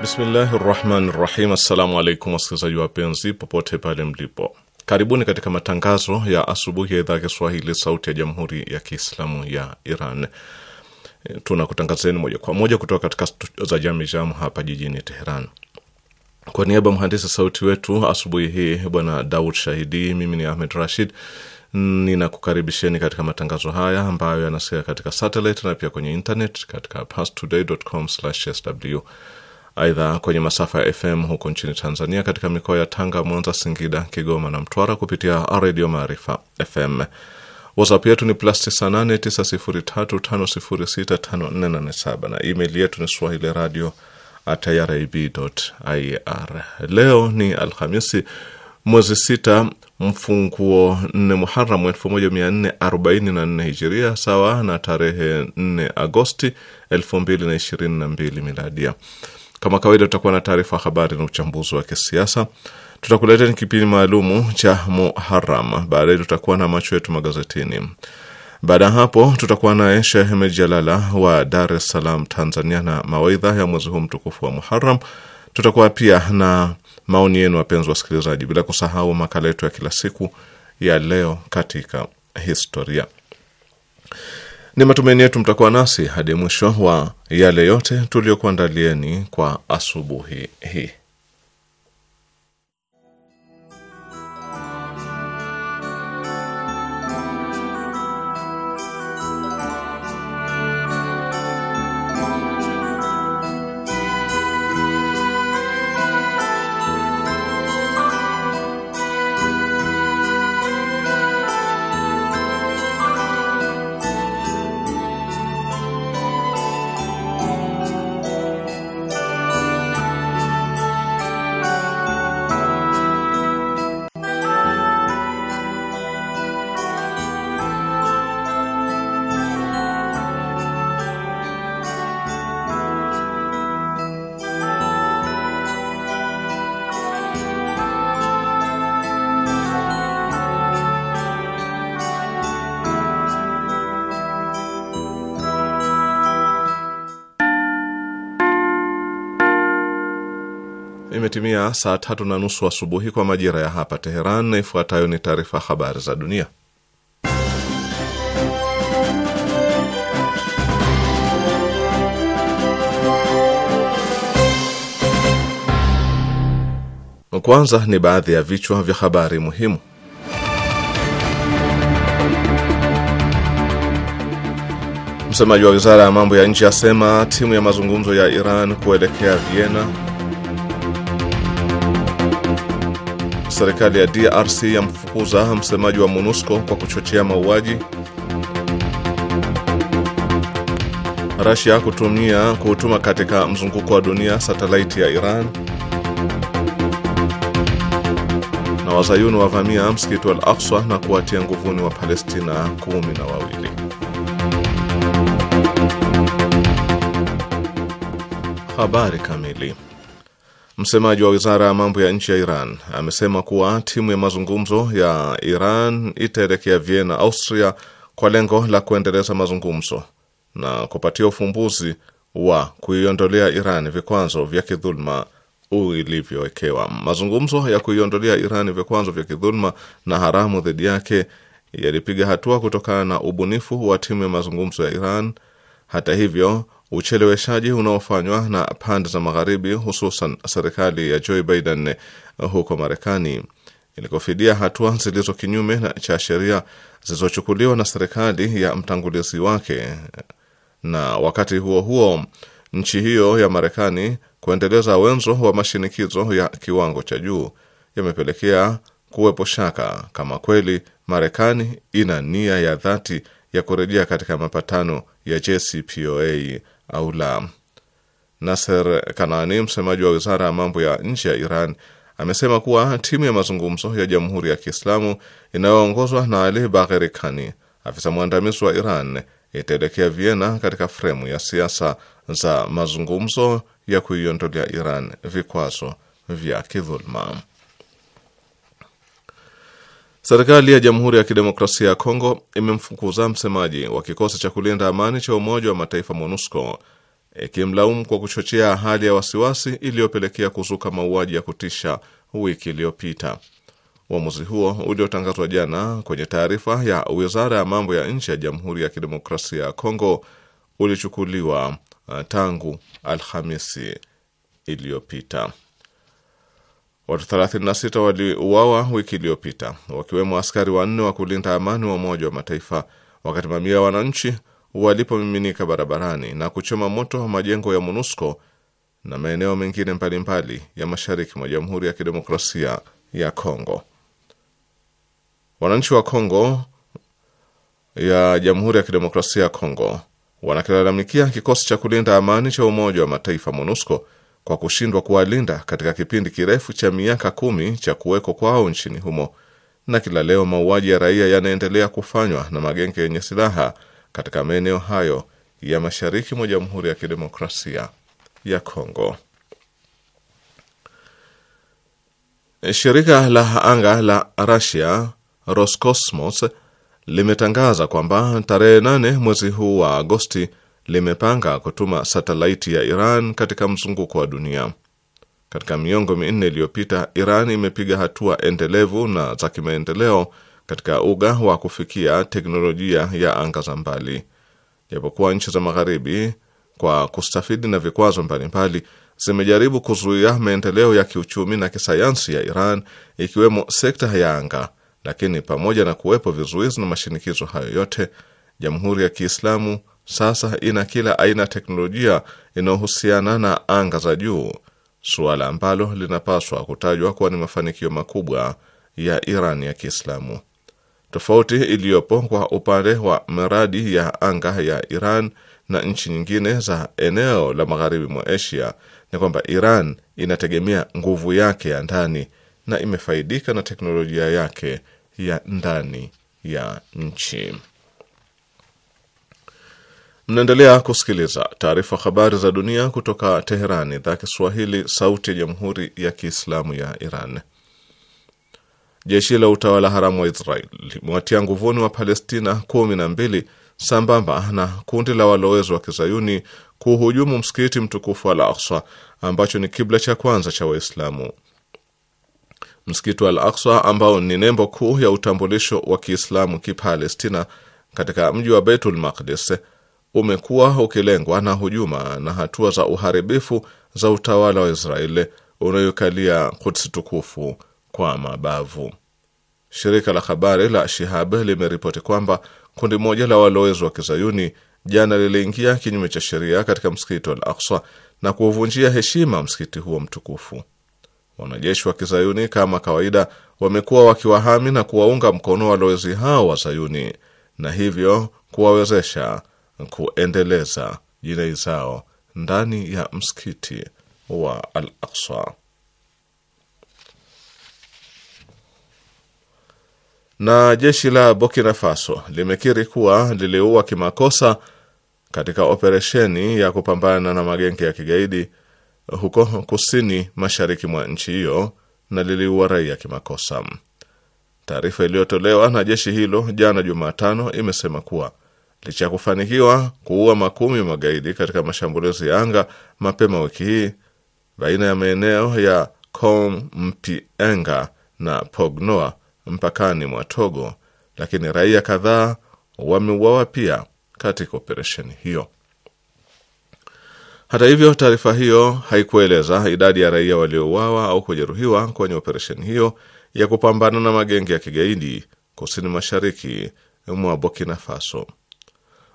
Bismillahi rahmani rahim. Assalamu alaikum wasikilizaji wapenzi, popote pale mlipo, karibuni katika matangazo ya asubuhi ya idhaa ya Kiswahili sauti ya jamhuri ya Kiislamu ya Iran. E, tunakutangazeni moja kwa moja kutoka katika studio za Jam hapa jijini Teheran. Kwa niaba mhandisi sauti wetu asubuhi hii bwana Daud Shahidi, mimi ni Ahmed Rashid ninakukaribisheni katika matangazo haya ambayo yanasikika katika satellite na pia kwenye internet katika pastoday.com/sw Aidha, kwenye masafa ya FM huko nchini Tanzania, katika mikoa ya Tanga, Mwanza, Singida, Kigoma na Mtwara kupitia Redio Maarifa FM. WhatsApp yetu ni plus 989035065487 na email yetu ni swahili radio at irib.ir. Leo ni Alhamisi mwezi sita mfunguo nne Muharamu 1444 hijiria sawa na tarehe 4 Agosti mbili miladia. Kama kawaida, tutakuwa na taarifa habari na uchambuzi wa kisiasa. Tutakuletea kipindi maalumu cha Muharam. Baadaye tutakuwa na macho yetu magazetini. Baada ya hapo, tutakuwa na Sheikh mejalala wa Dar es Salaam, Tanzania, na mawaidha ya mwezi huu mtukufu wa Muharam. Tutakuwa pia na maoni yenu, wapenzi wasikilizaji, bila kusahau makala yetu ya kila siku ya leo katika historia. Ni matumaini yetu mtakuwa nasi hadi mwisho wa yale yote tuliyokuandalieni kwa asubuhi hii. saa tatu na nusu asubuhi kwa majira ya hapa Teheran, na ifuatayo ni taarifa habari za dunia. Kwanza ni baadhi ya vichwa vya habari muhimu. Msemaji wa wizara ya mambo ya nje asema timu ya mazungumzo ya Iran kuelekea Vienna serikali ya DRC yamfukuza msemaji wa MONUSCO kwa kuchochea mauaji. Rasia kutumia kutuma katika mzunguko wa dunia satelaiti ya Iran. Na wazayuni wavamia msikiti Al Aqsa na kuwatia nguvuni wa Palestina kumi na wawili. Habari kamili Msemaji wa wizara ya mambo ya nchi ya Iran amesema kuwa timu ya mazungumzo ya Iran itaelekea Vienna, Austria, kwa lengo la kuendeleza mazungumzo na kupatia ufumbuzi wa kuiondolea Iran vikwazo vya kidhuluma ilivyowekewa. Mazungumzo ya kuiondolea Iran vikwazo vya kidhuluma na haramu dhidi yake yalipiga hatua kutokana na ubunifu wa timu ya mazungumzo ya Iran. Hata hivyo Ucheleweshaji unaofanywa na pande za magharibi, hususan serikali ya Joe Biden eh, huko Marekani ilikofidia hatua zilizo kinyume na cha sheria zilizochukuliwa na serikali ya mtangulizi wake, na wakati huo huo nchi hiyo ya Marekani kuendeleza wenzo wa mashinikizo ya kiwango cha juu yamepelekea kuwepo shaka kama kweli Marekani ina nia ya dhati ya kurejea katika mapatano ya JCPOA au la. Nasser Kanani, msemaji wa wizara ya mambo ya nje ya Iran, amesema kuwa timu ya mazungumzo ya Jamhuri ya Kiislamu inayoongozwa na Ali Bagheri Kani, afisa mwandamizi wa Iran, itaelekea Vienna katika fremu ya siasa za mazungumzo ya kuiondolea Iran vikwazo vya kidhuluma. Serikali ya Jamhuri ya Kidemokrasia ya Kongo imemfukuza msemaji wa kikosi cha kulinda amani cha Umoja wa Mataifa MONUSCO ikimlaumu kwa kuchochea hali ya wasiwasi iliyopelekea kuzuka mauaji ya kutisha wiki iliyopita. Uamuzi huo uliotangazwa jana kwenye taarifa ya Wizara ya Mambo ya Nje ya Jamhuri ya Kidemokrasia ya Kongo ulichukuliwa uh, tangu Alhamisi iliyopita. Watu 36 waliuawa wiki iliyopita wakiwemo askari wanne wa kulinda amani wa Umoja wa Mataifa wakati mamia ya wananchi walipomiminika barabarani na kuchoma moto wa majengo ya MONUSCO na maeneo mengine mbalimbali ya mashariki mwa Jamhuri ya Kidemokrasia ya Kongo. Wananchi wa Kongo ya Jamhuri ya Kidemokrasia ya Kongo wanakilalamikia kikosi cha kulinda amani cha Umoja wa Mataifa MONUSCO kwa kushindwa kuwalinda katika kipindi kirefu cha miaka kumi cha kuwekwa kwao nchini humo, na kila leo mauaji ya raia yanaendelea kufanywa na magenge yenye silaha katika maeneo hayo ya mashariki mwa Jamhuri ya Kidemokrasia ya Kongo. Shirika la anga la Russia Roscosmos limetangaza kwamba tarehe 8 mwezi huu wa Agosti limepanga kutuma satelaiti ya Iran katika mzunguko wa dunia. Katika miongo minne iliyopita, Iran imepiga hatua endelevu na za kimaendeleo katika uga wa kufikia teknolojia ya anga za mbali, japokuwa nchi za Magharibi kwa kustafidi na vikwazo mbalimbali zimejaribu kuzuia maendeleo ya kiuchumi na kisayansi ya Iran, ikiwemo sekta ya anga. Lakini pamoja na kuwepo vizuizi na mashinikizo hayo yote, Jamhuri ya Kiislamu sasa ina kila aina ya teknolojia inayohusiana na anga za juu, suala ambalo linapaswa kutajwa kuwa ni mafanikio makubwa ya Iran ya Kiislamu. Tofauti iliyopo kwa upande wa miradi ya anga ya Iran na nchi nyingine za eneo la magharibi mwa Asia ni kwamba Iran inategemea nguvu yake ya ndani na imefaidika na teknolojia yake ya ndani ya nchi. Mnaendelea kusikiliza taarifa habari za dunia kutoka Teherani, idhaa Kiswahili, sauti ya jamhuri ya kiislamu ya Iran. Jeshi la utawala haramu wa Israel limewatia nguvuni wa Palestina kumi na mbili sambamba na kundi la walowezi wa kizayuni kuhujumu msikiti mtukufu Al Aksa ambacho ni kibla cha kwanza cha Waislamu. Msikiti wa Al Aksa ambao ni nembo kuu ya utambulisho wa kiislamu kipalestina katika mji wa Beitul Maqdis umekuwa ukilengwa na hujuma na hatua za uharibifu za utawala wa Israeli unayokalia kutsi tukufu kwa mabavu. Shirika la habari la Shihab limeripoti kwamba kundi moja la walowezi wa kizayuni jana liliingia kinyume cha sheria katika msikiti Al Aqsa na kuvunjia heshima msikiti huo mtukufu. Wanajeshi wa kizayuni kama kawaida wamekuwa wakiwahami na kuwaunga mkono walowezi hao wa zayuni na hivyo kuwawezesha kuendeleza jinai zao ndani ya msikiti wa Al Aqsa. Na jeshi la Burkina Faso limekiri kuwa liliua kimakosa katika operesheni ya kupambana na magenge ya kigaidi huko kusini mashariki mwa nchi hiyo na liliua raia kimakosa. Taarifa iliyotolewa na jeshi hilo jana Jumatano imesema kuwa licha ya kufanikiwa kuua makumi magaidi katika mashambulizi ya anga mapema wiki hii baina ya maeneo ya Kom Mpienga na Pognoa mpakani mwa Togo, lakini raia kadhaa wameuawa pia katika operesheni hiyo. Hata hivyo, taarifa hiyo haikueleza idadi ya raia waliouawa au kujeruhiwa kwenye operesheni hiyo ya kupambana na magenge ya kigaidi kusini mashariki mwa Burkina Faso.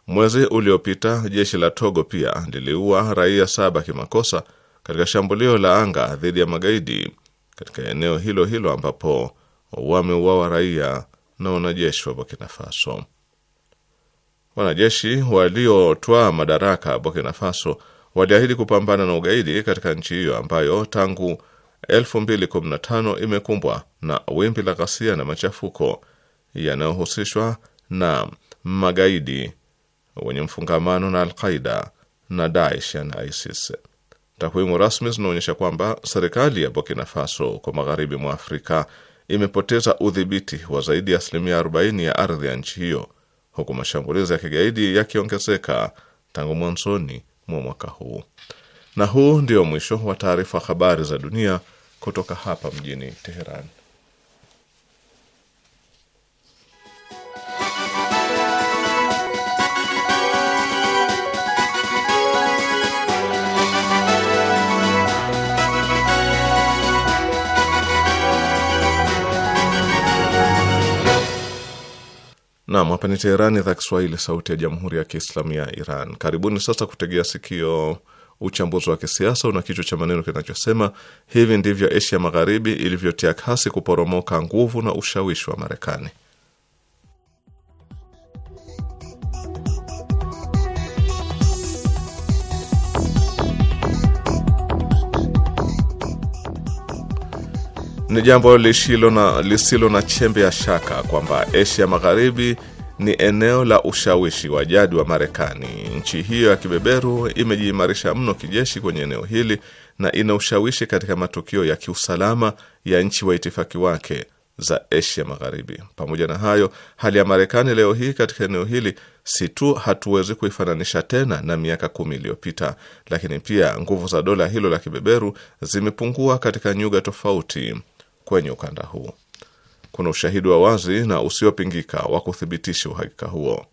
Mwezi uliopita jeshi la Togo pia liliua raia saba kimakosa katika shambulio la anga dhidi ya magaidi katika eneo hilo hilo ambapo wameuawa raia na wanajeshi wa Burkina Faso. Wanajeshi waliotwaa madaraka Burkina Faso waliahidi kupambana na ugaidi katika nchi hiyo ambayo tangu 2015 imekumbwa na wimbi la ghasia na machafuko yanayohusishwa na magaidi wenye mfungamano na Alqaida na Daesh na ISIS. Takwimu rasmi zinaonyesha kwamba serikali ya Burkina Faso kwa magharibi mwa Afrika imepoteza udhibiti wa zaidi ya asilimia 40 ya ardhi ya nchi hiyo huku mashambulizi ya kigaidi yakiongezeka tangu mwanzoni mwa mwaka huu. Na huu ndio mwisho wa taarifa habari za dunia kutoka hapa mjini Teheran. Nam, hapa ni Teherani, idhaa Kiswahili, sauti ya jamhuri ya kiislamu ya Iran. Karibuni sasa kutegea sikio uchambuzi wa kisiasa una kichwa cha maneno kinachosema hivi ndivyo Asia Magharibi ilivyotia kasi kuporomoka nguvu na ushawishi wa Marekani. Ni jambo lisilo na lisilo na chembe ya shaka kwamba Asia Magharibi ni eneo la ushawishi wa jadi wa Marekani. Nchi hiyo ya kibeberu imejiimarisha mno kijeshi kwenye eneo hili na ina ushawishi katika matukio ya kiusalama ya nchi wa itifaki wake za Asia Magharibi. Pamoja na hayo, hali ya Marekani leo hii katika eneo hili si tu hatuwezi kuifananisha tena na miaka kumi iliyopita, lakini pia nguvu za dola hilo la kibeberu zimepungua katika nyuga tofauti kwenye ukanda huu. Kuna ushahidi wa wazi na usiopingika wa kuthibitisha uhakika huo.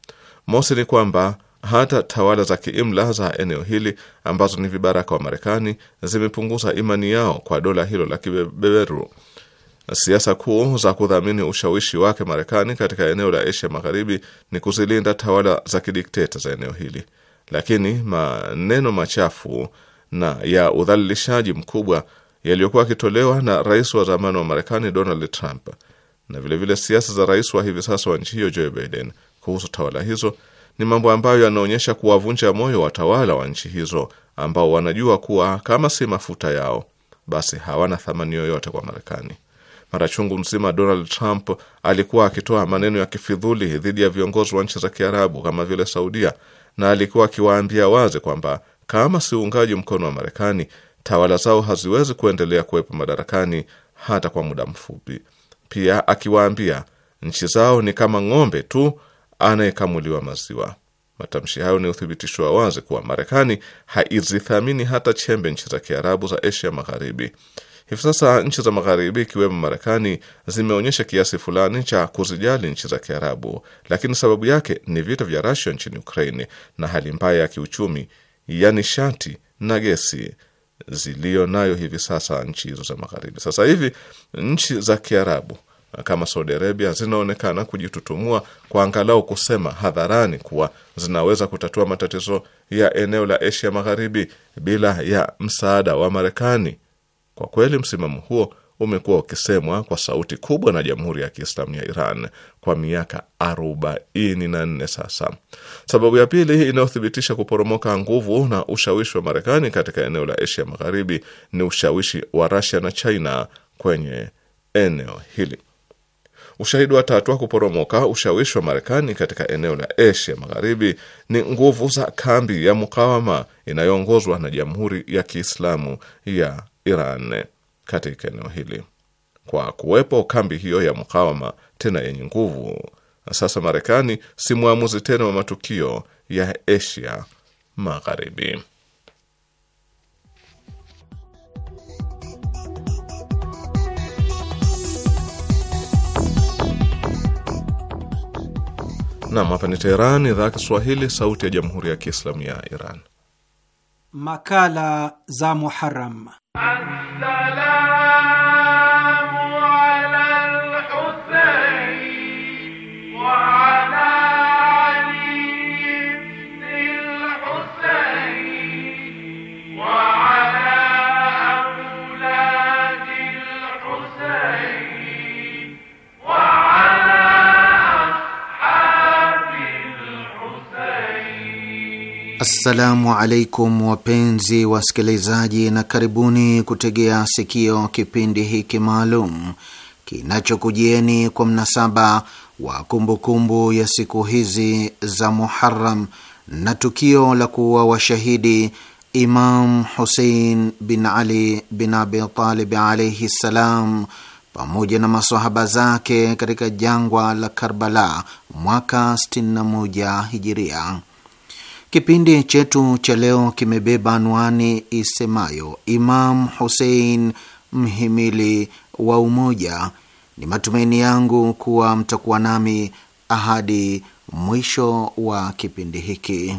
Mosi ni kwamba hata tawala za kiimla za eneo hili ambazo ni vibaraka wa Marekani zimepunguza imani yao kwa dola hilo la kibeberu. Siasa kuu za kudhamini ushawishi wake Marekani katika eneo la Asia Magharibi ni kuzilinda tawala za kidikteta za eneo hili, lakini maneno machafu na ya udhalilishaji mkubwa yaliyokuwa akitolewa na rais wa zamani wa Marekani Donald Trump na vilevile siasa za rais wa hivi sasa wa nchi hiyo Joe Biden kuhusu tawala hizo ni mambo ambayo yanaonyesha kuwavunja moyo watawala wa nchi hizo ambao wanajua kuwa kama si mafuta yao basi hawana thamani yoyote kwa Marekani. Mara chungu mzima Donald Trump alikuwa akitoa maneno ya kifidhuli dhidi ya viongozi wa nchi za Kiarabu kama vile Saudia, na alikuwa akiwaambia wazi kwamba kama si uungaji mkono wa Marekani tawala zao haziwezi kuendelea kuwepo madarakani hata kwa muda mfupi. Pia akiwaambia nchi zao ni kama ng'ombe tu anayekamuliwa maziwa. Matamshi hayo ni uthibitisho wa wazi kuwa Marekani haizithamini hata chembe nchi za Kiarabu za Asia Magharibi. Hivi sasa nchi za Magharibi ikiwemo Marekani zimeonyesha kiasi fulani cha kuzijali nchi za Kiarabu, lakini sababu yake ni vita vya Rusia nchini Ukraini na hali mbaya ya kiuchumi ya nishati na gesi ziliyo nayo hivi sasa nchi hizo za magharibi. Sasa hivi nchi za Kiarabu kama Saudi Arabia zinaonekana kujitutumua kwa angalau kusema hadharani kuwa zinaweza kutatua matatizo ya eneo la Asia Magharibi bila ya msaada wa Marekani. Kwa kweli msimamo huo umekuwa ukisemwa kwa sauti kubwa na Jamhuri ya Kiislamu ya Iran kwa miaka 44 sasa. Sababu ya pili inayothibitisha kuporomoka nguvu na ushawishi wa Marekani katika eneo la Asia Magharibi ni ushawishi wa rasia na China kwenye eneo hili. Ushahidi wa tatu wa kuporomoka ushawishi wa Marekani katika eneo la Asia Magharibi ni nguvu za kambi ya mukawama inayoongozwa na Jamhuri ya Kiislamu ya Iran katika eneo hili. Kwa kuwepo kambi hiyo ya mukawama tena yenye nguvu, sasa Marekani si mwamuzi tena wa matukio ya Asia Magharibi. Nam, hapa ni Teheran, idhaa ya Kiswahili, sauti ya jamhuri ya kiislamu ya Iran. Makala za Muharam. السلام Assalamu alaikum wapenzi wasikilizaji, na karibuni kutegea sikio kipindi hiki maalum kinachokujieni kwa mnasaba wa kumbukumbu ya siku hizi za muharam na tukio la kuwa washahidi Imam Husein bin Ali bin Abi alaihi ssalam pamoja na masahaba zake katika jangwa la Karbala mwaka 61 hijiria. Kipindi chetu cha leo kimebeba anwani isemayo Imam Husein, mhimili wa umoja. Ni matumaini yangu kuwa mtakuwa nami ahadi mwisho wa kipindi hiki.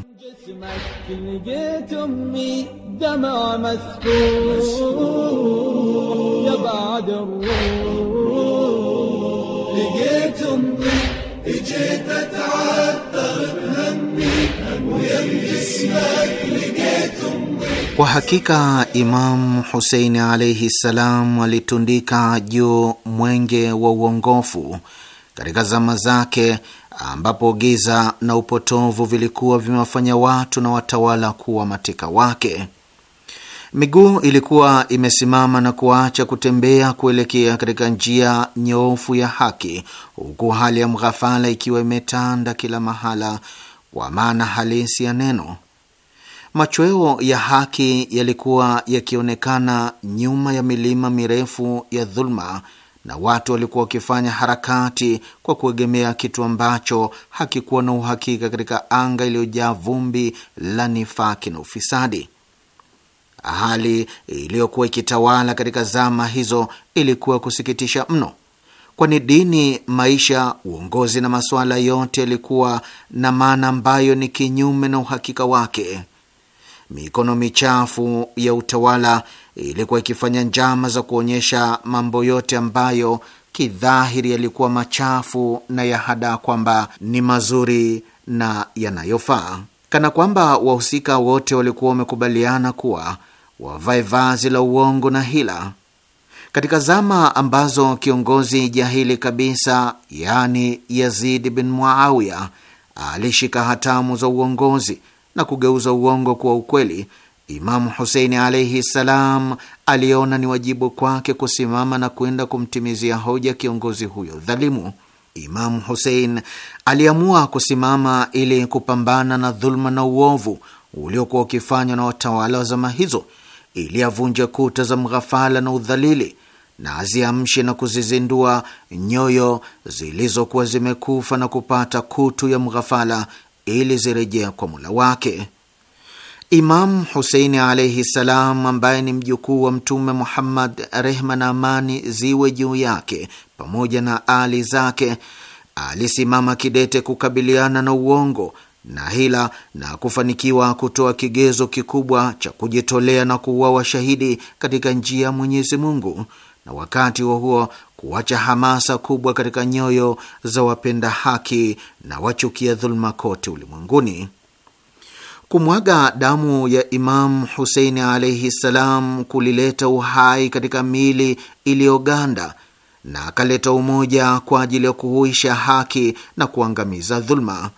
اجيت لقيت kwa hakika Imamu Huseini alaihi ssalam alitundika juu mwenge wa uongofu katika zama zake, ambapo giza na upotovu vilikuwa vimewafanya watu na watawala kuwa mateka wake. Miguu ilikuwa imesimama na kuacha kutembea kuelekea katika njia nyoofu ya haki, huku hali ya mghafala ikiwa imetanda kila mahala kwa maana halisi ya neno. Machweo ya haki yalikuwa yakionekana nyuma ya milima mirefu ya dhuluma, na watu walikuwa wakifanya harakati kwa kuegemea kitu ambacho hakikuwa na uhakika katika anga iliyojaa vumbi la nifaki na ufisadi. Hali iliyokuwa ikitawala katika zama hizo ilikuwa kusikitisha mno, kwani dini, maisha, uongozi na masuala yote yalikuwa na maana ambayo ni kinyume na uhakika wake. Mikono michafu ya utawala ilikuwa ikifanya njama za kuonyesha mambo yote ambayo kidhahiri yalikuwa machafu na ya hadaa kwamba ni mazuri na yanayofaa, kana kwamba wahusika wote walikuwa wamekubaliana kuwa wavae vazi la uongo na hila katika zama ambazo kiongozi jahili kabisa yani Yazid bin Muawiya alishika hatamu za uongozi na kugeuza uongo kuwa ukweli. Imamu Huseini alaihi ssalam aliona ni wajibu kwake kusimama na kwenda kumtimizia hoja kiongozi huyo dhalimu. Imamu Husein aliamua kusimama ili kupambana na dhuluma na uovu uliokuwa ukifanywa na watawala wa zama hizo ili avunje kuta za mghafala na udhalili na aziamshe na kuzizindua nyoyo zilizokuwa zimekufa na kupata kutu ya mghafala ili zirejea kwa mula wake. Imamu Huseini alaihi salam, ambaye ni mjukuu wa Mtume Muhammad, rehma na amani ziwe juu yake, pamoja na ali zake, alisimama kidete kukabiliana na uongo na hila na kufanikiwa kutoa kigezo kikubwa cha kujitolea na kuuawa shahidi katika njia ya Mwenyezi Mungu, na wakati wa huo kuacha hamasa kubwa katika nyoyo za wapenda haki na wachukia dhuluma kote ulimwenguni. Kumwaga damu ya Imamu Huseini alaihi ssalam kulileta uhai katika mili iliyoganda na akaleta umoja kwa ajili ya kuhuisha haki na kuangamiza dhuluma.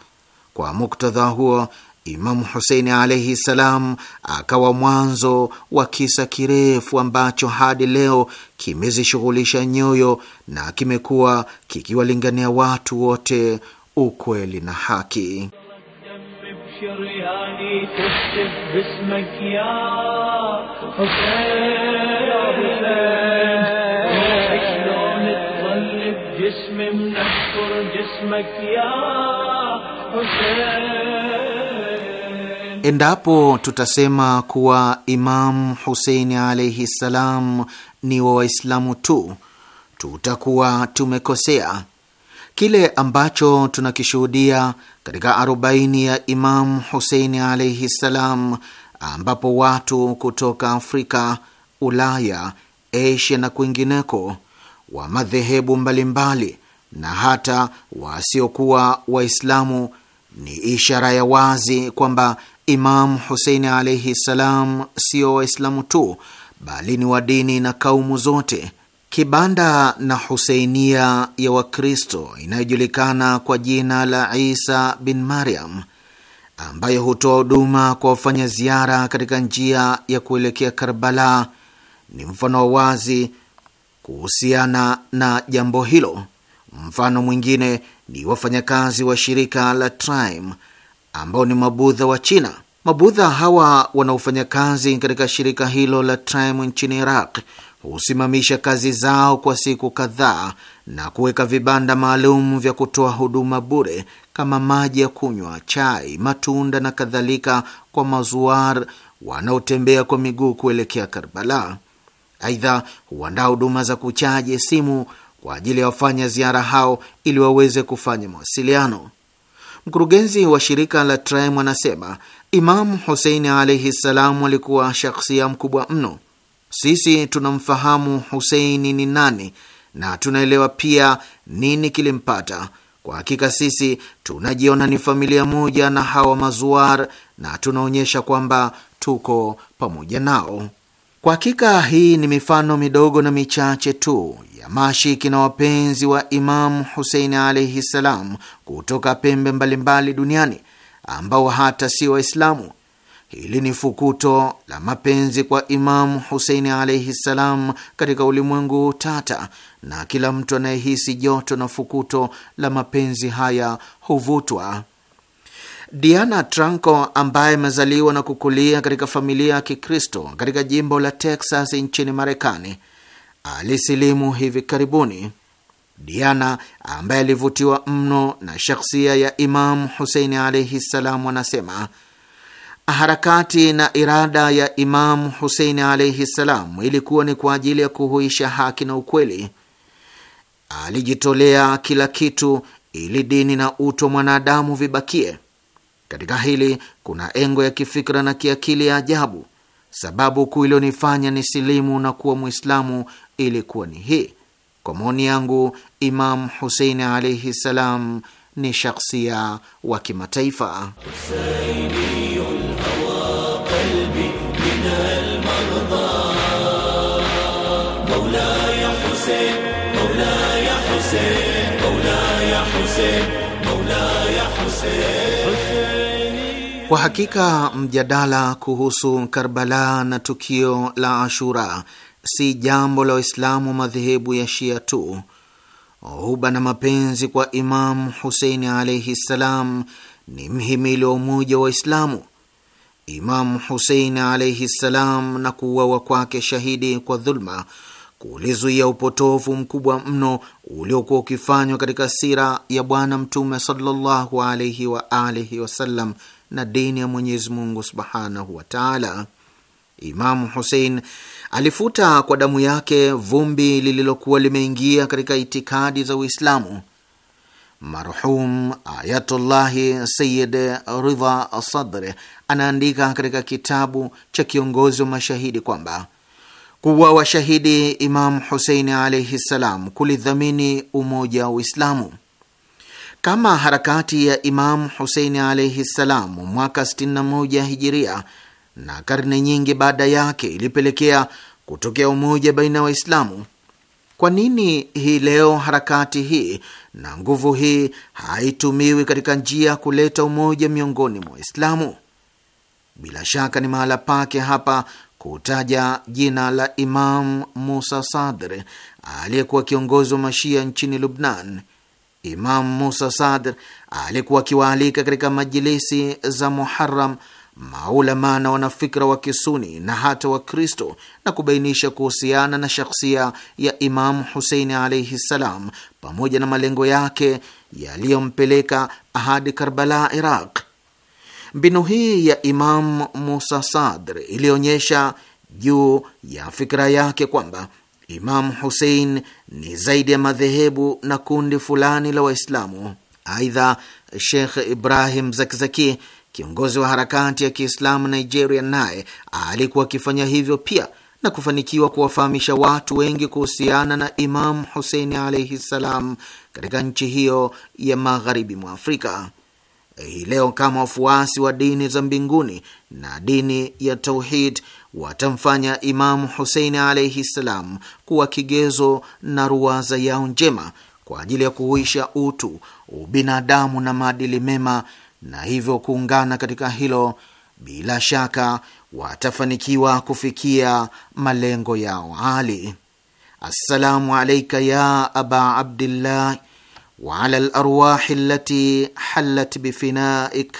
Kwa muktadha huo, Imamu Huseini alaihi ssalam akawa mwanzo wa kisa kirefu ambacho hadi leo kimezishughulisha nyoyo na kimekuwa kikiwalingania watu wote ukweli na haki. Endapo tutasema kuwa imam Huseini alaihi ssalam ni wa Waislamu tu, tutakuwa tumekosea. Kile ambacho tunakishuhudia katika arobaini ya imam Huseini alaihi ssalam, ambapo watu kutoka Afrika, Ulaya, Asia na kwingineko wa madhehebu mbalimbali na hata wasiokuwa Waislamu ni ishara ya wazi kwamba Imamu Huseini alaihi ssalam sio Waislamu tu bali ni wa dini na kaumu zote. Kibanda na huseinia ya Wakristo inayojulikana kwa jina la Isa bin Mariam, ambayo hutoa huduma kwa wafanya ziara katika njia ya kuelekea Karbala, ni mfano wa wazi kuhusiana na jambo hilo. Mfano mwingine ni wafanyakazi wa shirika la Time ambao ni mabudha wa China. Mabudha hawa wanaofanya kazi katika shirika hilo la Time nchini Iraq husimamisha kazi zao kwa siku kadhaa na kuweka vibanda maalum vya kutoa huduma bure kama maji ya kunywa, chai, matunda na kadhalika kwa mazuar wanaotembea kwa miguu kuelekea Karbala. Aidha, huandaa huduma za kuchaji simu kwa ajili ya wafanya ziara hao ili waweze kufanya mawasiliano. Mkurugenzi wa shirika la trim anasema Imamu Huseini alaihi ssalamu alikuwa shakhsia mkubwa mno. Sisi tunamfahamu Huseini ni nani na tunaelewa pia nini kilimpata. Kwa hakika sisi tunajiona ni familia moja na hawa mazuar na tunaonyesha kwamba tuko pamoja nao. Kwa hakika hii ni mifano midogo na michache tu ya mashiki na wapenzi wa Imamu Huseini alaihi ssalam kutoka pembe mbalimbali duniani ambao hata si Waislamu. Hili ni fukuto la mapenzi kwa Imamu Huseini alaihi ssalam katika ulimwengu tata, na kila mtu anayehisi joto na fukuto la mapenzi haya huvutwa Diana Tranko ambaye amezaliwa na kukulia katika familia ya Kikristo katika jimbo la Texas nchini Marekani alisilimu hivi karibuni. Diana ambaye alivutiwa mno na shakhsia ya Imamu Huseini alaihi ssalam, anasema harakati na irada ya Imamu Huseini alaihi ssalam ilikuwa ni kwa ajili ya kuhuisha haki na ukweli. Alijitolea kila kitu ili dini na utu wa mwanadamu vibakie. Katika hili kuna engo ya kifikra na kiakili ya ajabu. Sababu kuu iliyonifanya ni silimu na kuwa Mwislamu ilikuwa ni hii. Kwa maoni yangu, Imam Husein alaihi salam ni shakhsia wa kimataifa Huseini. Kwa hakika mjadala kuhusu Karbala na tukio la Ashura si jambo la Waislamu wa madhehebu ya Shia tu. Huba na mapenzi kwa Imamu Huseini alaihi ssalam ni mhimili wa umoja wa Waislamu. Imamu Huseini alaihi ssalam na kuuawa kwake shahidi kwa dhulma kulizuia upotofu mkubwa mno uliokuwa ukifanywa katika sira ya Bwana Mtume sallallahu alaihi waalihi wasallam na dini ya Mwenyezi Mungu subhanahu wa taala. Imamu Husein alifuta kwa damu yake vumbi lililokuwa limeingia katika itikadi za Uislamu. Marhum Ayatullahi Sayid Ridha Sadre anaandika katika kitabu cha Kiongozi wa Mashahidi kwamba kuwa washahidi Imamu Husein alaihi ssalam kulidhamini umoja wa Uislamu. Kama harakati ya Imamu Huseini alaihi ssalam mwaka 61 hijiria na karne nyingi baada yake ilipelekea kutokea umoja baina ya Waislamu, kwa nini hii leo harakati hii na nguvu hii haitumiwi katika njia ya kuleta umoja miongoni mwa Waislamu? Bila shaka ni mahala pake hapa kutaja jina la Imam Musa Sadr aliyekuwa kiongozi wa Mashia nchini Lubnan Imam Musa Sadr alikuwa akiwaalika katika majilisi za Muharam maulama na wanafikra wa Kisuni na hata Wakristo na kubainisha kuhusiana na shakhsia ya Imamu Huseini alaihi ssalam, pamoja na malengo yake yaliyompeleka hadi Karbala, Iraq. Mbinu hii ya Imam Musa Sadr ilionyesha juu ya fikra yake kwamba Imamu Husein ni zaidi ya madhehebu na kundi fulani la Waislamu. Aidha, Shekh Ibrahim Zakzaki, kiongozi wa harakati ya Kiislamu Nigeria, naye alikuwa akifanya hivyo pia na kufanikiwa kuwafahamisha watu wengi kuhusiana na Imamu Huseini alaihi ssalam katika nchi hiyo ya magharibi mwa Afrika. Hii leo kama wafuasi wa dini za mbinguni na dini ya tauhid watamfanya Imamu Huseini alaihi ssalam kuwa kigezo na ruwaza yao njema kwa ajili ya kuhuisha utu, ubinadamu na maadili mema, na hivyo kuungana katika hilo, bila shaka watafanikiwa kufikia malengo yao ali. Assalamu alaika ya aba abdillah waala larwahi lati halat bifinaik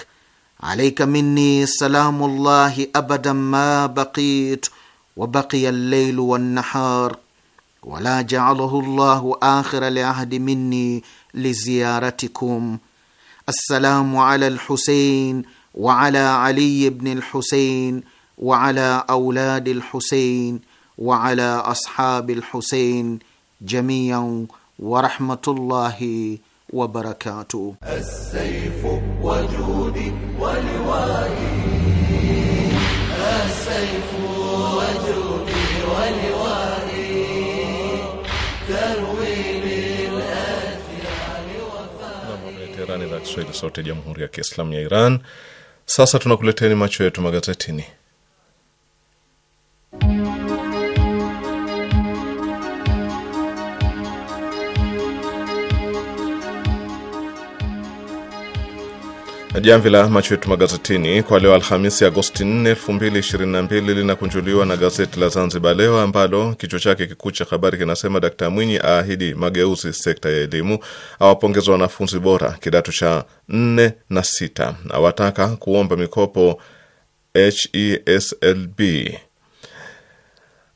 عليك مني سلام الله أبدا ما بقيت وبقي الليل والنهار ولا جعله الله آخر العهد مني لزيارتكم السلام على الحسين وعلى علي بن الحسين وعلى أولاد الحسين وعلى أصحاب الحسين جميعا ورحمة الله wabarakatuh. Teherani, Kiswahili, sauti ya jamhuri ya kiislamu ya Iran. Sasa tunakuleteni macho yetu magazetini. Jamvi la macho yetu magazetini kwa leo Alhamisi, Agosti 4, 2022 linakunjuliwa na gazeti la Zanzibar Leo ambalo kichwa chake kikuu cha habari kinasema Dkt Mwinyi aahidi mageuzi sekta ya elimu, awapongeza wanafunzi bora kidato cha 4 na 6, awataka kuomba mikopo HESLB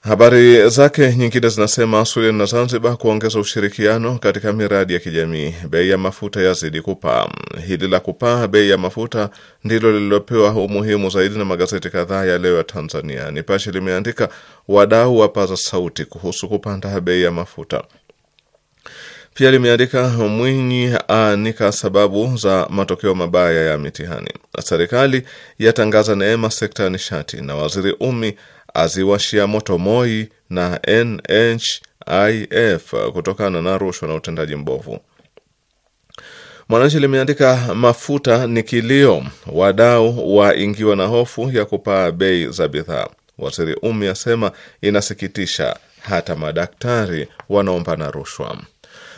Habari zake nyingine zinasema Sudan na Zanzibar kuongeza ushirikiano katika miradi ya kijamii. Bei ya mafuta yazidi kupaa. Hili la kupaa bei ya mafuta ndilo lililopewa umuhimu zaidi na magazeti kadhaa ya leo ya Tanzania. Nipashe limeandika wadau wapaza sauti kuhusu kupanda bei ya mafuta. Pia limeandika Mwinyi aanika sababu za matokeo mabaya ya mitihani. Serikali yatangaza neema sekta ya nishati na waziri Umi aziwashia moto MOI na NHIF kutokana na rushwa na utendaji mbovu. Mwananchi limeandika mafuta ni kilio, wadau waingiwa na hofu ya kupaa bei za bidhaa. Waziri Umi asema inasikitisha, hata madaktari wanaomba na rushwa.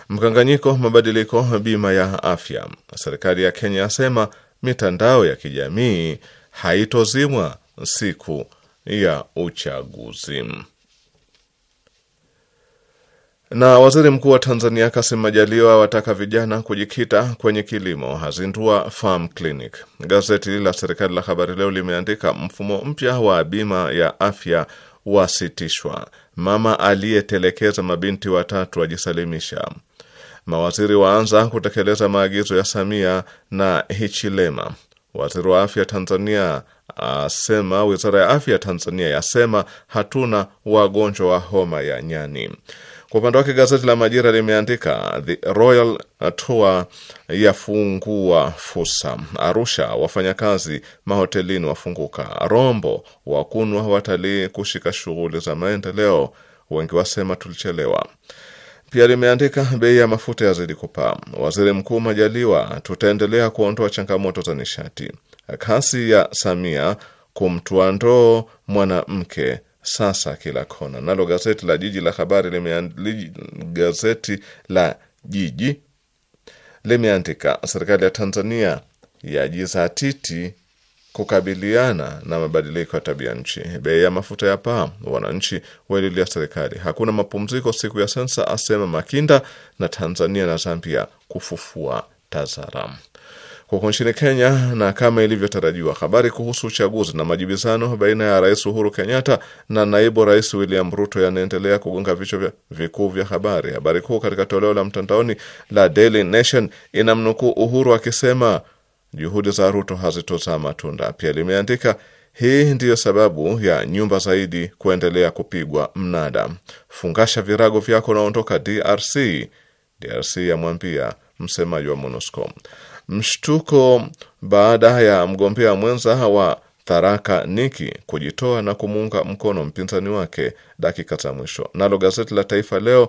Mkanganyiko mabadiliko bima ya afya. Serikali ya Kenya asema mitandao ya kijamii haitozimwa siku ya uchaguzi. Na waziri mkuu wa Tanzania Kassim Majaliwa awataka vijana kujikita kwenye kilimo, hazindua farm clinic. Gazeti la serikali la Habari Leo limeandika mfumo mpya wa bima ya afya wasitishwa, mama aliyetelekeza mabinti watatu ajisalimisha, mawaziri waanza kutekeleza maagizo ya Samia na Hichilema, waziri wa afya Tanzania asema wizara ya afya ya Tanzania yasema hatuna wagonjwa wa homa ya nyani. Kwa upande wake gazeti la Majira limeandika the Royal Tour yafungua fursa Arusha, wafanyakazi mahotelini wafunguka, Rombo wakunwa watalii kushika shughuli za maendeleo, wengi wasema tulichelewa. Pia limeandika bei ya mafuta yazidi kupaa, waziri mkuu Majaliwa, tutaendelea kuondoa changamoto za nishati kasi ya Samia kumtua ndoo mwanamke sasa kila kona. Nalo gazeti la Jiji la Habari gazeti la Jiji limeandika serikali ya Tanzania yajizatiti kukabiliana na mabadiliko ya tabia nchi. Bei ya mafuta ya paa, wananchi waililia serikali. Hakuna mapumziko siku ya sensa, asema Makinda. Na Tanzania na Zambia kufufua TAZARA. Huko nchini Kenya, na kama ilivyotarajiwa, habari kuhusu uchaguzi na majibizano baina ya Rais Uhuru Kenyatta na naibu rais William Ruto yanaendelea kugonga vichwa vikuu vya habari. Habari kuu katika toleo la mtandaoni la Daily Nation inamnukuu Uhuru akisema juhudi za Ruto hazitozaa matunda. Pia limeandika hii ndiyo sababu ya nyumba zaidi kuendelea kupigwa mnada. Fungasha virago vyako, naondoka DRC. DRC yamwambia msemaji wa MONUSCO mshtuko baada ya mgombea mwenza wa tharaka niki kujitoa na kumuunga mkono mpinzani wake dakika za mwisho. Nalo gazeti la Taifa Leo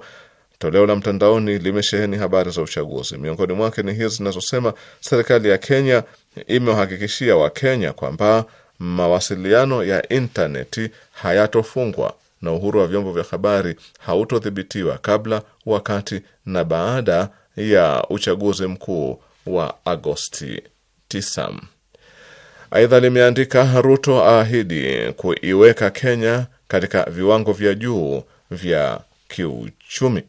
toleo la mtandaoni limesheheni habari za uchaguzi. Miongoni mwake ni hizi zinazosema serikali ya Kenya imewahakikishia Wakenya kwamba mawasiliano ya intaneti hayatofungwa na uhuru wa vyombo vya habari hautodhibitiwa kabla, wakati na baada ya uchaguzi mkuu wa Agosti 9. Aidha limeandika Ruto aahidi kuiweka Kenya katika viwango vya juu vya kiuchumi.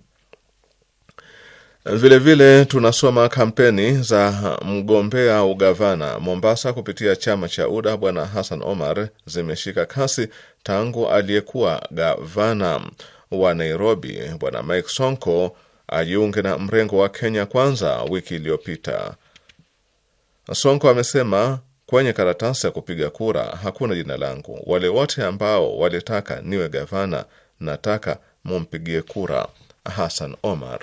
Vilevile vile, tunasoma kampeni za mgombea ugavana Mombasa kupitia chama cha UDA Bwana Hassan Omar zimeshika kasi tangu aliyekuwa gavana wa Nairobi Bwana Mike Sonko ajiunge na mrengo wa Kenya Kwanza wiki iliyopita. Sonko amesema kwenye karatasi ya kupiga kura hakuna jina langu. Wale wote ambao walitaka niwe gavana, nataka mumpigie kura Hassan Omar.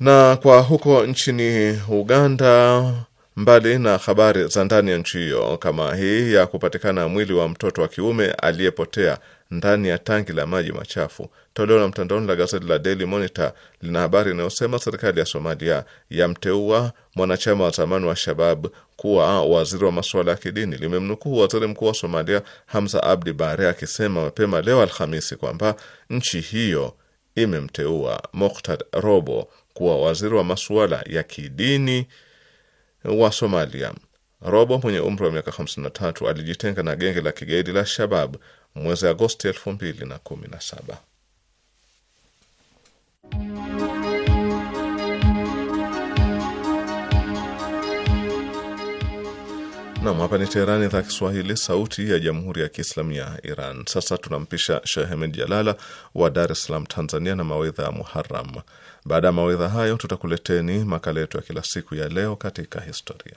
Na kwa huko nchini Uganda Mbali na habari za ndani ya nchi hiyo kama hii ya kupatikana mwili wa mtoto wa kiume aliyepotea ndani ya tangi la maji machafu, toleo la mtandaoni la gazeti la Daily Monitor lina habari inayosema serikali ya Somalia yamteua mwanachama wa zamani wa Shabab kuwa waziri wa masuala ya kidini. Limemnukuu waziri mkuu wa Somalia Hamza Abdi Bare akisema mapema leo Alhamisi kwamba nchi hiyo imemteua Moktad Robo kuwa waziri wa masuala ya kidini wa Somalia Robo mwenye umri wa miaka 53 alijitenga na genge la kigaidi la Shabab mwezi Agosti 2017. Nam, hapa ni Teherani, idhaa Kiswahili, sauti ya jamhuri ya kiislamu ya Iran. Sasa tunampisha Sheh Hemed Jalala wa Dar es Salaam, Tanzania, na mawedha ya muharam Baada ya mawedha hayo, tutakuleteni makala yetu ya kila siku ya leo katika historia.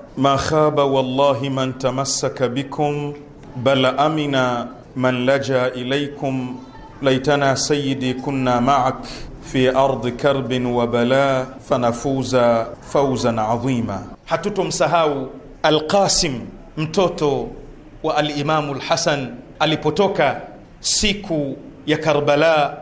ما خاب والله من تمسك بكم بل امن من لجا اليكم ليتنا سيدي كنا معك في ardh karbin wa bala fanafuza fauzan adhima. Hatutomsahau Alqasim mtoto wa Alimamu Lhasan alipotoka siku ya Karbala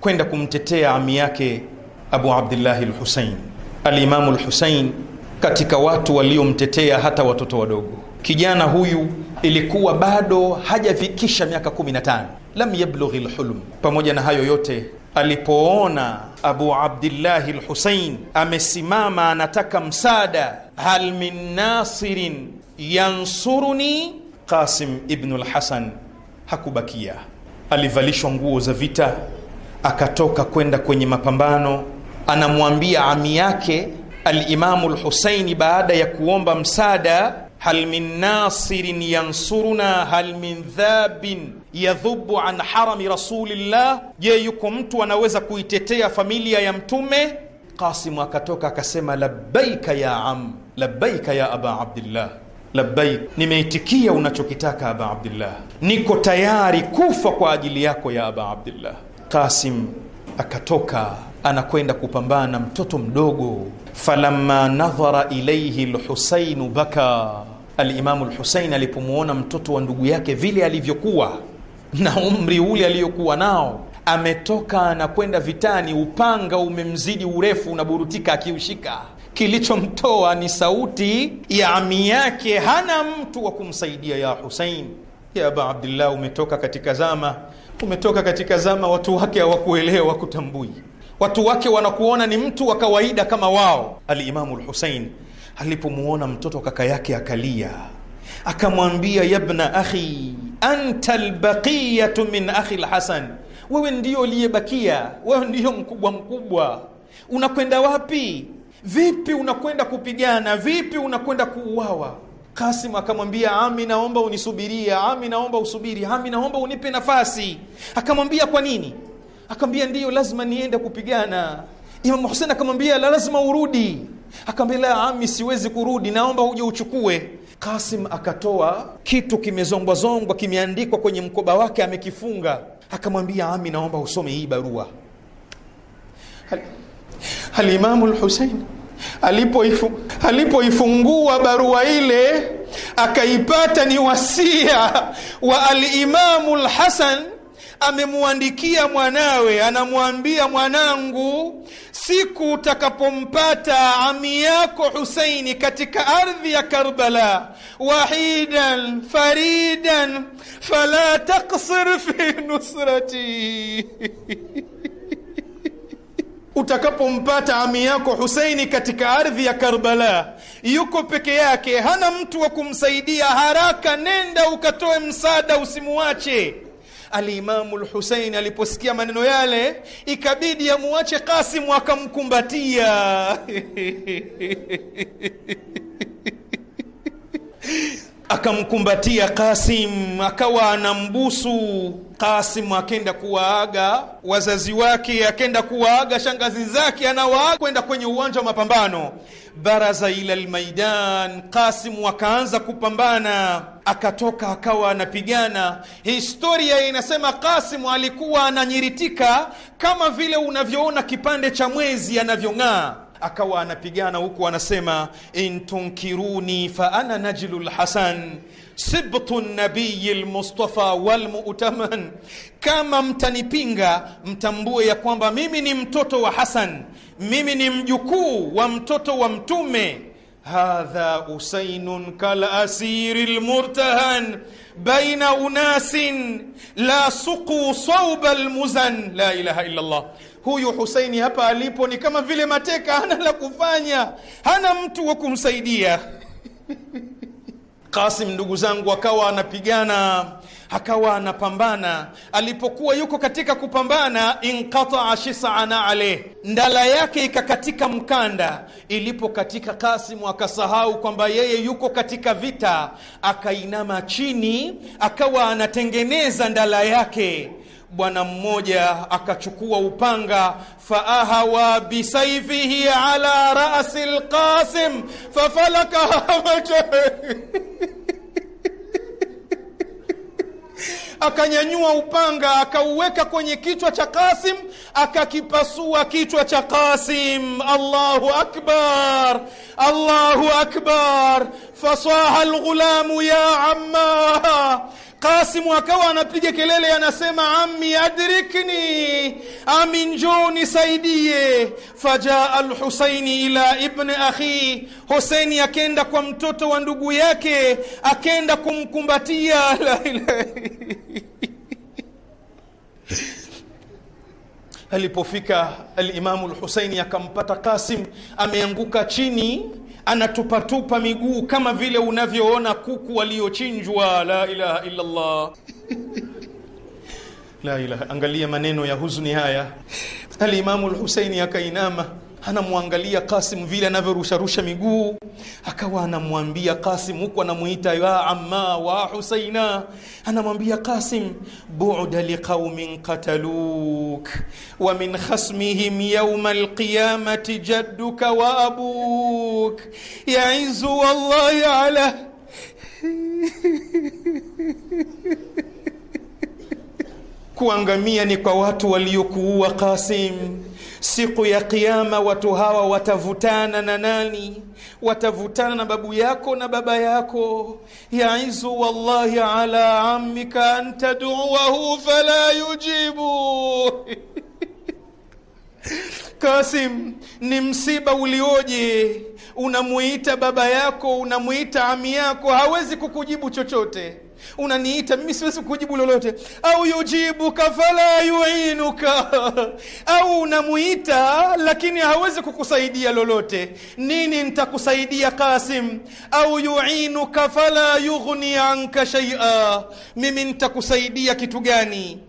kwenda kumtetea ami yake Abu Abdillahi Lhusain. Alimamu Lhusain katika watu waliomtetea hata watoto wadogo. Kijana huyu ilikuwa bado hajafikisha miaka 15, lam yablughi lhulm. Pamoja na hayo yote, alipoona Abu Abdillahi Lhusain amesimama anataka msaada, hal min nasirin yansuruni, Qasim ibnu Lhasan hakubakia. Alivalishwa nguo za vita, akatoka kwenda kwenye mapambano. Anamwambia ami yake Alimamu Lhusaini baada ya kuomba msaada, hal min nasirin yansuruna hal min dhabin yadhubu an harami rasulillah, je, yuko mtu anaweza kuitetea familia ya Mtume? Qasimu akatoka akasema, labbaika ya am, labbaika ya aba abdillah Labbaik, nimeitikia unachokitaka aba Abdillah, niko tayari kufa kwa ajili yako ya aba Abdillah. Qasim akatoka anakwenda kupambana na mtoto mdogo. falamma nadhara ilaihi lhusainu baka, alimamu Lhusain alipomwona mtoto wa ndugu yake vile alivyokuwa na umri ule aliyokuwa nao, ametoka anakwenda vitani, upanga umemzidi urefu, unaburutika akiushika kilichomtoa ni sauti ya ami yake, hana mtu wa kumsaidia. Ya husein ya aba Abdillah, umetoka katika zama, umetoka katika zama watu wake hawakuelewa, kutambui watu wake wanakuona ni mtu wa kawaida kama wao. Alimamu Lhusein alipomuona mtoto kaka yake akalia, akamwambia yabna akhi anta lbaqiyatu min akhi lhasan, wewe ndio uliyebakia, wewe ndiyo mkubwa mkubwa. Unakwenda wapi? Vipi unakwenda kupigana? Vipi unakwenda kuuawa? Kasim akamwambia ami, naomba unisubiria. Ami, naomba usubiri. Ami, naomba unipe nafasi. Akamwambia kwa nini? akamwambia ndiyo lazima niende kupigana Imam Hussein akamwambia la lazima urudi akamwambia la ami siwezi kurudi naomba uje uchukue Kasim akatoa kitu kimezongwazongwa kimeandikwa kwenye mkoba wake amekifunga akamwambia ami naomba usome hii barua Alimamu al Lhusein alipoifungua alipo barua ile akaipata ni wasia wa Alimamu Lhasan amemwandikia mwanawe, anamwambia mwanangu, siku utakapompata ami yako Husaini katika ardhi ya Karbala, wahidan faridan, fala taksir fi nusrati utakapompata ami yako Husaini katika ardhi ya Karbala, yuko peke yake, hana mtu wa kumsaidia, haraka nenda ukatoe msaada, usimuache. Alimamu Lhusein aliposikia maneno yale, ikabidi amuache Kasimu akamkumbatia akamkumbatia Kasim, akawa anambusu Kasim. Akenda kuwaaga wazazi wake, akenda kuwaaga shangazi zake, anawaaga kwenda kwenye uwanja wa mapambano, baraza ila lmaidan, Kasim akaanza kupambana, akatoka akawa anapigana. Historia inasema Kasim alikuwa ananyiritika kama vile unavyoona kipande cha mwezi anavyong'aa akawa anapigana huku anasema, intunkiruni fa ana najlu lhasan sibtu nabiyi lmustafa walmutaman, kama mtanipinga mtambue ya kwamba mimi ni mtoto wa Hasan, mimi ni mjukuu wa mtoto wa Mtume. Hadha usainun kalasiri lmurtahan baina unasin la suquu sauba lmuzan. La ilaha illa Allah huyu Husaini hapa alipo ni kama vile mateka, hana la kufanya, hana mtu wa kumsaidia Qasim, ndugu zangu, akawa anapigana, akawa anapambana. Alipokuwa yuko katika kupambana, inqataa shisana aleh, ndala yake ikakatika mkanda. Ilipokatika, Qasimu akasahau kwamba yeye yuko katika vita, akainama chini, akawa anatengeneza ndala yake bwana mmoja akachukua upanga, faahawa bisaifihi ala rasi lqasim fafalaka akanyanyua upanga akauweka kwenye kichwa cha kasim akakipasua kichwa cha Qasim. Allahu akbar, Allahu akbar! fasaha lghulamu ya amma Kasimu akawa anapiga kelele, anasema ammi adrikni, ami njoo nisaidie. Fajaa Alhusaini ila ibni akhi, Husaini akenda kwa mtoto wa ndugu yake, akenda kumkumbatia. La ilaha alipofika Alimamu Lhusaini akampata Kasim ameanguka chini anatupatupa miguu kama vile unavyoona kuku waliochinjwa. La ilaha illa Allah. La ilaha. Angalia maneno ya huzuni haya. Alimamu Lhuseini akainama anamwangalia Kasim vile anavyorusharusha miguu, akawa anamwambia Kasim, huku anamuita ya amma wa Husaina, anamwambia Kasim, bu'da liqaumin qataluk wa min khasmihim yawma alqiyamati jadduka wa abuk yaizu wallahi ala kuangamia ni kwa watu waliokuua Kasim siku ya Kiyama watu hawa watavutana na nani? Watavutana na babu yako na baba yako. Yaizu wallahi ala amika an tad'uahu fala yujibu Kasim, ni msiba ulioje! Unamuita baba yako, unamuita ami yako, hawezi kukujibu chochote unaniita mimi siwezi kujibu lolote au yujibuka fala yuinuka au unamuita lakini hawezi kukusaidia lolote nini nitakusaidia kasim au yuinuka fala yughni anka shaia mimi nitakusaidia kitu gani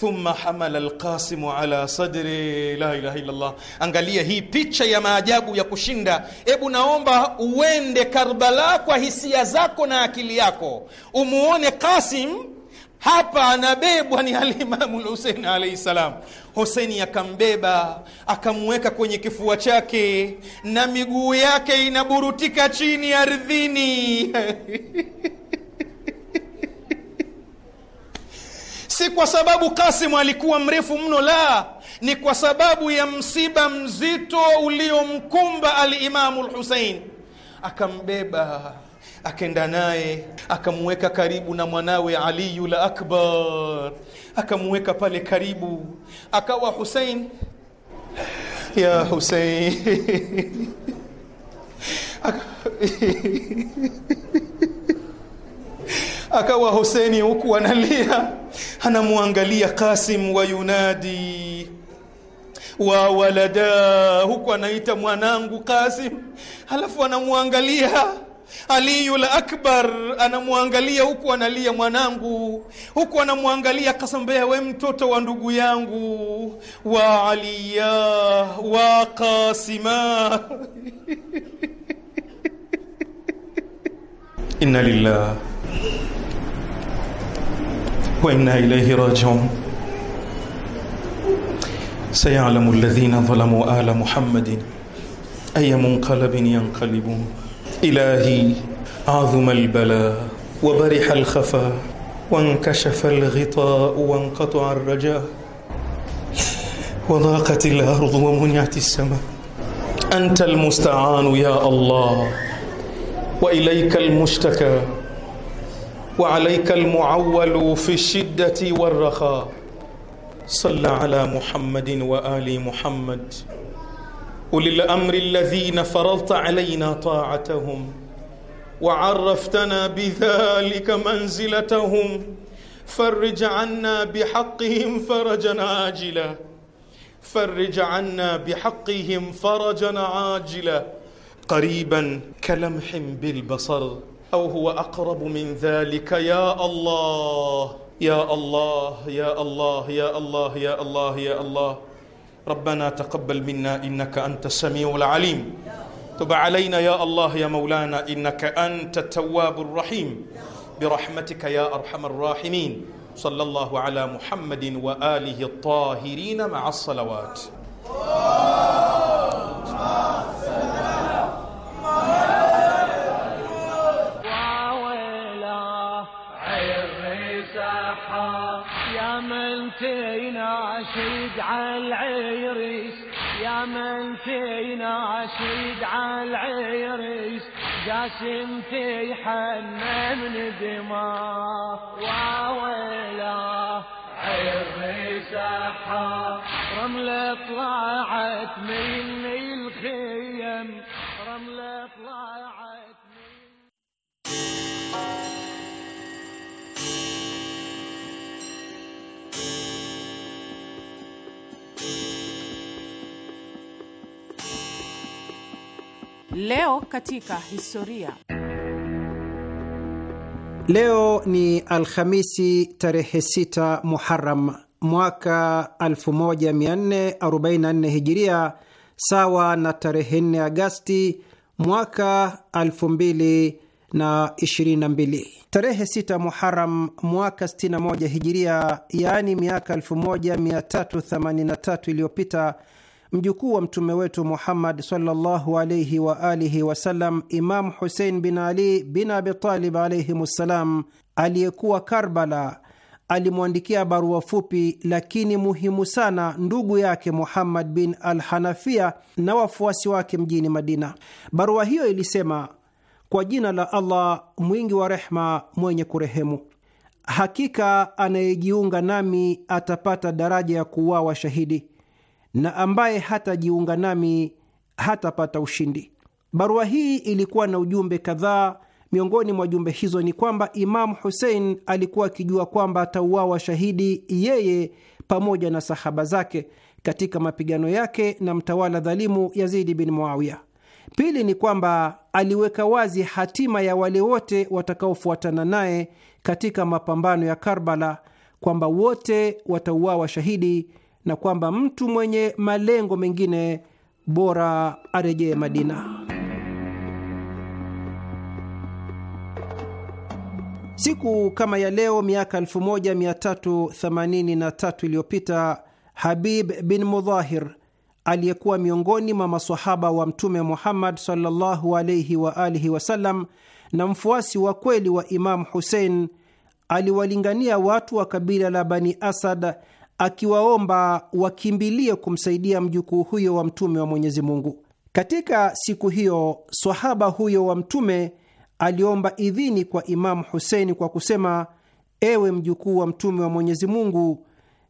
thumma hamala alqasimu ala sadri la ilaha illa Allah. Angalia hii picha ya maajabu ya kushinda. Ebu naomba uende Karbala kwa hisia zako na akili yako, umuone Qasim hapa anabebwa ni alimamu Lhusein alaihi salam. Huseini akambeba akamweka kwenye kifua chake na miguu yake inaburutika chini ardhini si kwa sababu Kasimu alikuwa mrefu mno, la, ni kwa sababu ya msiba mzito uliomkumba alimamu Lhusein. Akambeba, akenda naye, akamweka karibu na mwanawe Aliyul Akbar, akamweka pale karibu, akawa Husein, ya Husein akawa Huseni huku analia anamwangalia Kasim wa yunadi wa walada huku anaita mwanangu Kasim halafu anamwangalia Aliyu la Akbar anamwangalia huku analia mwanangu, huku anamwangalia Kasambea, we mtoto wa ndugu yangu wa Aliya wa Kasima inna lillah وإنا إليه راجعون سيعلم الذين ظلموا آل محمد أي منقلب ينقلبون إلهي عظم البلاء وبرح الخفاء وانكشف الغطاء وانقطع الرجاء وضاقت الأرض ومنعت السماء أنت المستعان يا الله وإليك المشتكى وعليك المعول في الشدة والرخاء صل على محمد وآل محمد أولي الأمر الذين فرضت علينا طاعتهم وعرفتنا بذلك منزلتهم فرج عنا بحقهم فرجا عاجلا فرج عنا بحقهم فرجا عاجلا قريبا كلمح بالبصر أو هو أقرب من ذلك يا الله يا الله يا الله يا الله يا الله يا الله ربنا تقبل منا إنك أنت السميع العليم تب علينا يا الله يا مولانا إنك أنت التواب الرحيم برحمتك يا أرحم الراحمين صلى الله على محمد وآله الطاهرين مع الصلوات مع الصلوات من فينا شيد العريس يا من فينا شيد العريس جاسم تيحنن من دماء وويلا عيريس أحا رملة طلعت من الخيم رملة طلعت Leo katika historia. Leo ni Alhamisi tarehe 6 Muharam mwaka 1444 Hijiria, sawa na tarehe 4 Agasti mwaka 2022. Tarehe 6 Muharam mwaka 61 Hijiria, yaani miaka 1383 iliyopita mjukuu wa mtume wetu Muhammad sallallahu alaihi wa alihi wasallam, Imamu Husein bin Ali bin Abitalib alayhimssalam, aliyekuwa Karbala, alimwandikia barua fupi lakini muhimu sana ndugu yake Muhammad bin al-Hanafia na wafuasi wake mjini Madina. Barua hiyo ilisema: kwa jina la Allah mwingi wa rehma, mwenye kurehemu, hakika anayejiunga nami atapata daraja ya kuuawa shahidi na ambaye hatajiunga nami hatapata ushindi. Barua hii ilikuwa na ujumbe kadhaa. Miongoni mwa jumbe hizo ni kwamba Imamu Husein alikuwa akijua kwamba atauawa shahidi yeye pamoja na sahaba zake katika mapigano yake na mtawala dhalimu Yazidi bin Muawiya. Pili ni kwamba aliweka wazi hatima ya wale wote watakaofuatana naye katika mapambano ya Karbala, kwamba wote watauawa shahidi na kwamba mtu mwenye malengo mengine bora arejee Madina. Siku kama ya leo miaka 1383 iliyopita Habib bin Mudhahir aliyekuwa miongoni mwa masahaba wa Mtume Muhammad sallallahu alayhi wa alihi wasallam na mfuasi wa kweli wa Imamu Husein aliwalingania watu wa kabila la Bani Asad akiwaomba wakimbilie kumsaidia mjukuu huyo wa mtume wa Mwenyezi Mungu. Katika siku hiyo swahaba huyo wa mtume aliomba idhini kwa Imamu Huseini kwa kusema, ewe mjukuu wa mtume wa Mwenyezi Mungu,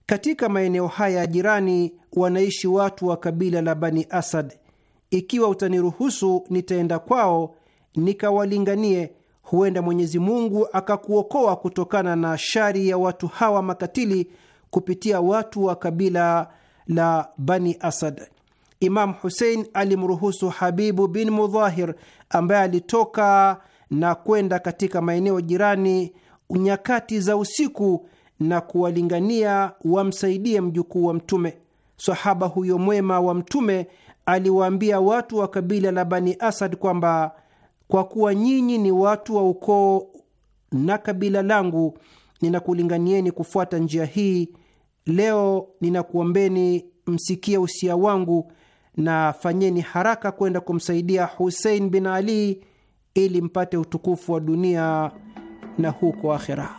katika maeneo haya ya jirani wanaishi watu wa kabila la Bani Asad. Ikiwa utaniruhusu, nitaenda kwao nikawalinganie, huenda Mwenyezi Mungu akakuokoa kutokana na shari ya watu hawa makatili kupitia watu wa kabila la Bani Asad. Imam Husein alimruhusu Habibu bin Mudhahir ambaye alitoka na kwenda katika maeneo jirani nyakati za usiku na kuwalingania wamsaidie mjukuu wa Mtume. Sahaba huyo mwema wa Mtume aliwaambia watu wa kabila la Bani Asad kwamba kwa kuwa nyinyi ni watu wa ukoo na kabila langu, ninakulinganieni kufuata njia hii Leo ninakuombeni msikie usia wangu na fanyeni haraka kwenda kumsaidia Husein bin Ali ili mpate utukufu wa dunia na huko akhera.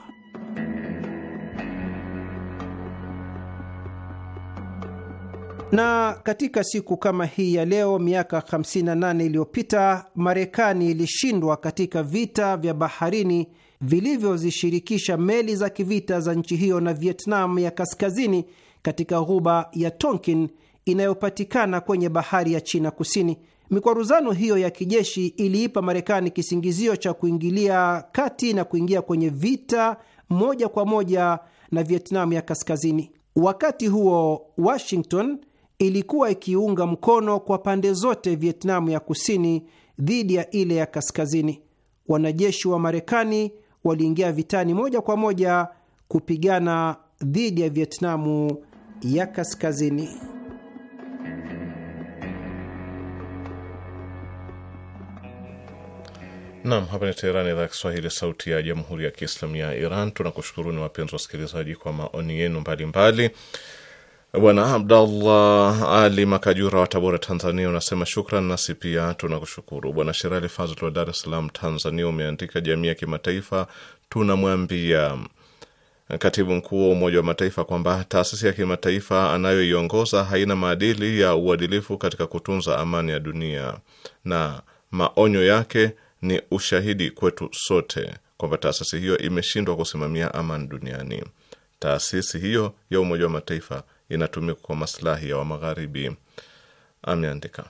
Na katika siku kama hii ya leo miaka 58 iliyopita Marekani ilishindwa katika vita vya baharini vilivyozishirikisha meli za kivita za nchi hiyo na Vietnam ya kaskazini katika ghuba ya Tonkin inayopatikana kwenye bahari ya China Kusini. Mikwaruzano hiyo ya kijeshi iliipa Marekani kisingizio cha kuingilia kati na kuingia kwenye vita moja kwa moja na Vietnam ya kaskazini. Wakati huo, Washington ilikuwa ikiunga mkono kwa pande zote Vietnamu ya kusini dhidi ya ile ya kaskazini. Wanajeshi wa Marekani waliingia vitani moja kwa moja kupigana dhidi ya Vietnamu ya Kaskazini. Nam, hapa ni Teherani, idhaa ya Kiswahili, sauti ya jamhuri ya kiislamu ya Iran. Tunakushukuru ni wapenzi wasikilizaji, kwa maoni yenu mbalimbali mbali. Bwana Abdallah Ali Makajura wa Tabora, Tanzania, unasema shukran, nasi pia tunakushukuru. Bwana Sherali Fazl wa Dar es Salaam, Tanzania, umeandika jamii ya kimataifa tunamwambia katibu mkuu wa Umoja wa Mataifa kwamba taasisi ya kimataifa anayoiongoza haina maadili ya uadilifu katika kutunza amani ya dunia, na maonyo yake ni ushahidi kwetu sote kwamba taasisi hiyo imeshindwa kusimamia amani duniani. Taasisi hiyo ya Umoja wa Mataifa inatumika kwa maslahi ya Wamagharibi, ameandika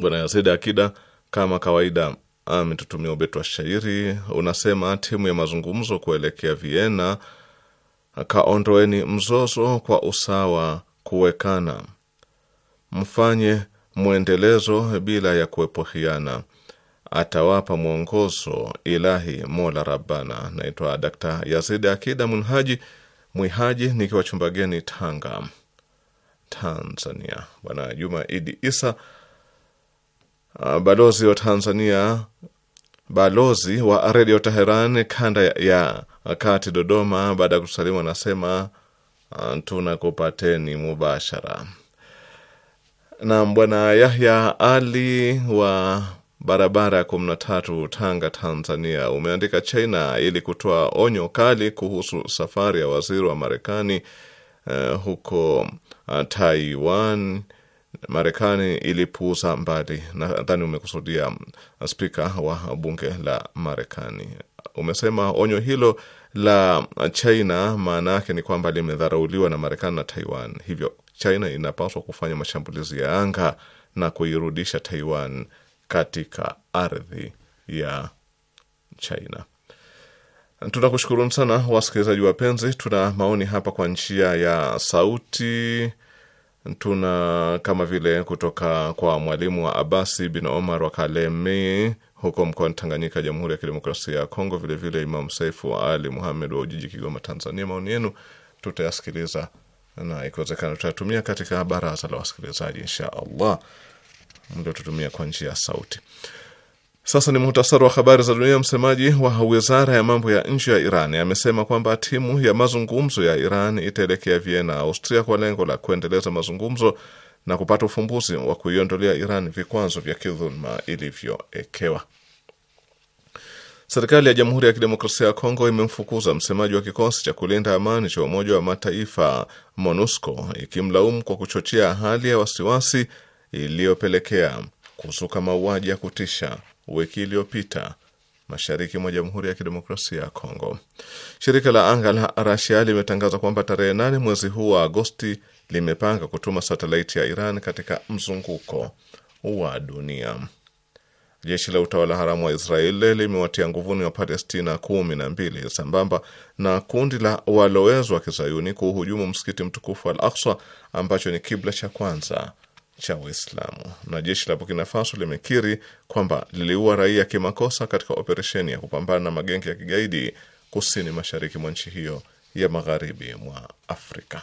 Bwana Yazid Akida. Kama kawaida, ametutumia ubetu wa shairi unasema: timu ya mazungumzo kuelekea Vienna, kaondoeni mzozo kwa usawa kuwekana, mfanye mwendelezo bila ya kuwepo hiana atawapa mwongozo ilahi mola rabbana. Naitwa Dakta Yazid Akida Munhaji Mwihaji nikiwa Chumbageni, Tanga, Tanzania. Bwana Juma Idi Isa, ah, balozi wa Tanzania, balozi wa Redio Teheran kanda ya kati Dodoma, baada ya kusalimu anasema ah, tunakupateni mubashara. Na bwana Yahya Ali wa barabara ya 13 Tanga, Tanzania, umeandika China ili kutoa onyo kali kuhusu safari ya waziri wa Marekani uh, huko uh, Taiwan. Marekani ilipuuza mbali. Nadhani umekusudia eh, spika wa bunge la Marekani. Umesema onyo hilo la China maana yake ni kwamba limedharauliwa na Marekani na Taiwan, hivyo China inapaswa kufanya mashambulizi ya anga na kuirudisha Taiwan katika ardhi ya China. Tunakushukuruni sana wasikilizaji wapenzi. Tuna maoni hapa kwa njia ya sauti, tuna kama vile kutoka kwa mwalimu wa Abasi bin Omar wa Kalemi huko mkoani Tanganyika, Jamhuri ya Kidemokrasia ya Kongo, vilevile Imam Saifu wa Ali Muhamed wa Ujiji, Kigoma, Tanzania. Maoni yenu tutayasikiliza na ikiwezekana tutayatumia katika baraza la wasikilizaji insha Allah mliotutumia kwa njia ya sauti. Sasa ni muhtasari wa habari za dunia. Msemaji wa wizara ya mambo ya nje ya Iran amesema kwamba timu ya mazungumzo ya Iran itaelekea Vienna, Austria, kwa lengo la kuendeleza mazungumzo na kupata ufumbuzi wa kuiondolea Iran vikwazo vya kidhuluma ilivyoekewa Serikali ya Jamhuri ya Kidemokrasia ya Kongo imemfukuza msemaji wa kikosi cha kulinda amani cha Umoja wa Mataifa MONUSCO ikimlaumu kwa kuchochea hali ya wasiwasi iliyopelekea kuzuka mauaji ya kutisha wiki iliyopita mashariki mwa Jamhuri ya Kidemokrasia ya Kongo. Shirika la anga la Rasia limetangaza kwamba tarehe nane mwezi huu wa Agosti limepanga kutuma satelaiti ya Iran katika mzunguko wa dunia. Jeshi la utawala haramu wa Israeli limewatia nguvuni wa Palestina kumi na mbili sambamba na kundi la walowezi wa kizayuni kuhujumu msikiti mtukufu Al Aksa ambacho ni kibla cha kwanza cha Uislamu. Na jeshi la Burkina Faso limekiri kwamba liliua raia kimakosa katika operesheni ya kupambana na magenge ya kigaidi kusini mashariki mwa nchi hiyo ya magharibi mwa Afrika.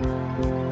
Thank you.